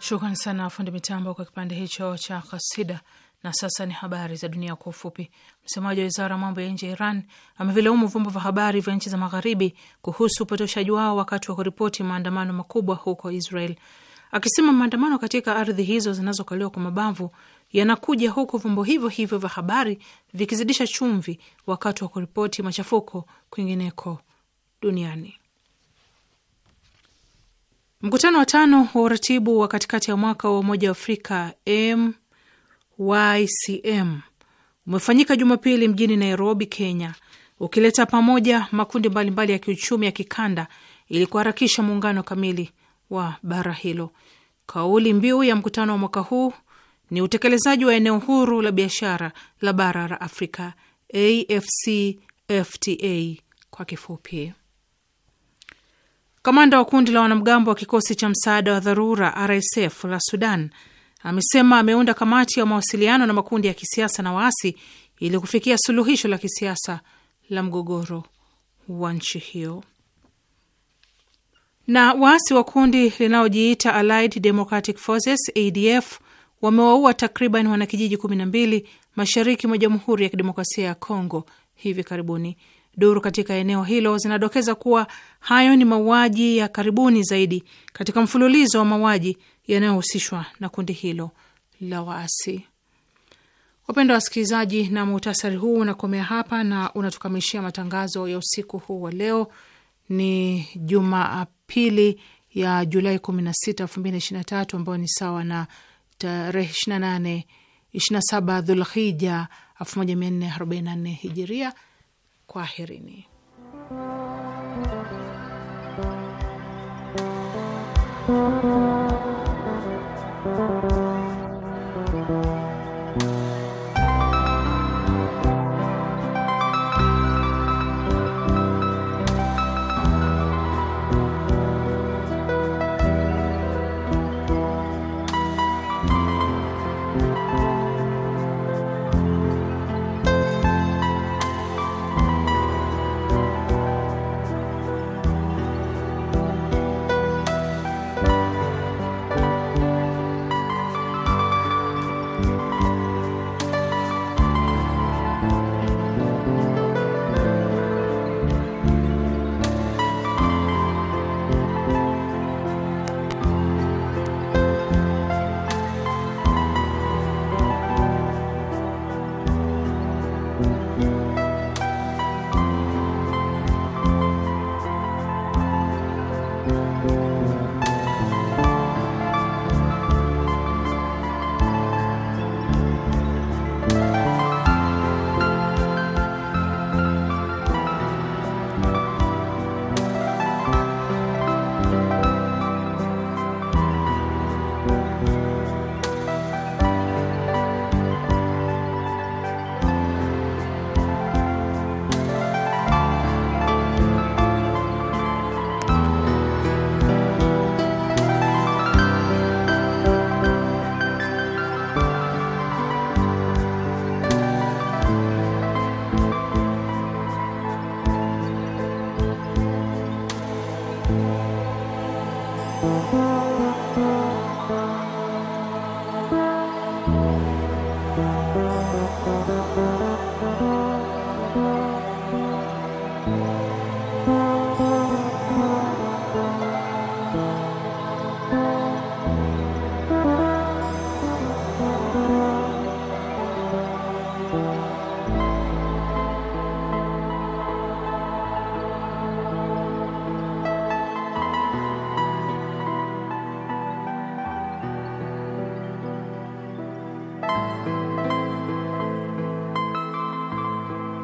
شكرا sana fundi mitambo kwa kipande hicho cha kasida Na sasa ni habari za dunia kwa ufupi. Msemaji wa wizara ya mambo ya nje ya Iran amevilaumu vyombo vya habari vya nchi za magharibi kuhusu upotoshaji wao wakati wa kuripoti maandamano makubwa huko Israel, akisema maandamano katika ardhi hizo zinazokaliwa kwa mabavu yanakuja huku vyombo hivyo hivyo vya habari vikizidisha chumvi wakati wa kuripoti machafuko kwingineko duniani. Mkutano wa tano wa uratibu wa katikati ya mwaka wa Umoja wa Afrika m YCM umefanyika Jumapili mjini Nairobi, Kenya, ukileta pamoja makundi mbalimbali ya kiuchumi ya kikanda ili kuharakisha muungano kamili wa bara hilo. Kauli mbiu ya mkutano wa mwaka huu ni utekelezaji wa eneo huru la biashara la bara la Afrika, AfCFTA kwa kifupi. Kamanda wa kundi la wanamgambo wa kikosi cha msaada wa dharura RSF la Sudan amesema ameunda kamati ya mawasiliano na makundi ya kisiasa na waasi ili kufikia suluhisho la kisiasa la mgogoro wa nchi hiyo. Na waasi wa kundi linalojiita Allied Democratic Forces ADF wamewaua takriban wanakijiji 12 mashariki mwa Jamhuri ya Kidemokrasia ya Kongo hivi karibuni. Duru katika eneo hilo zinadokeza kuwa hayo ni mauaji ya karibuni zaidi katika mfululizo wa mauaji yanayohusishwa na kundi hilo la waasi. Wapendwa wasikilizaji, na muhtasari huu unakomea hapa na unatukamilishia matangazo ya usiku huu wa leo. Ni Jumapili ya Julai 16, 2023 ambayo ni sawa na tarehe 28, 27 Dhulhija 1444 Hijiria. Kwaherini.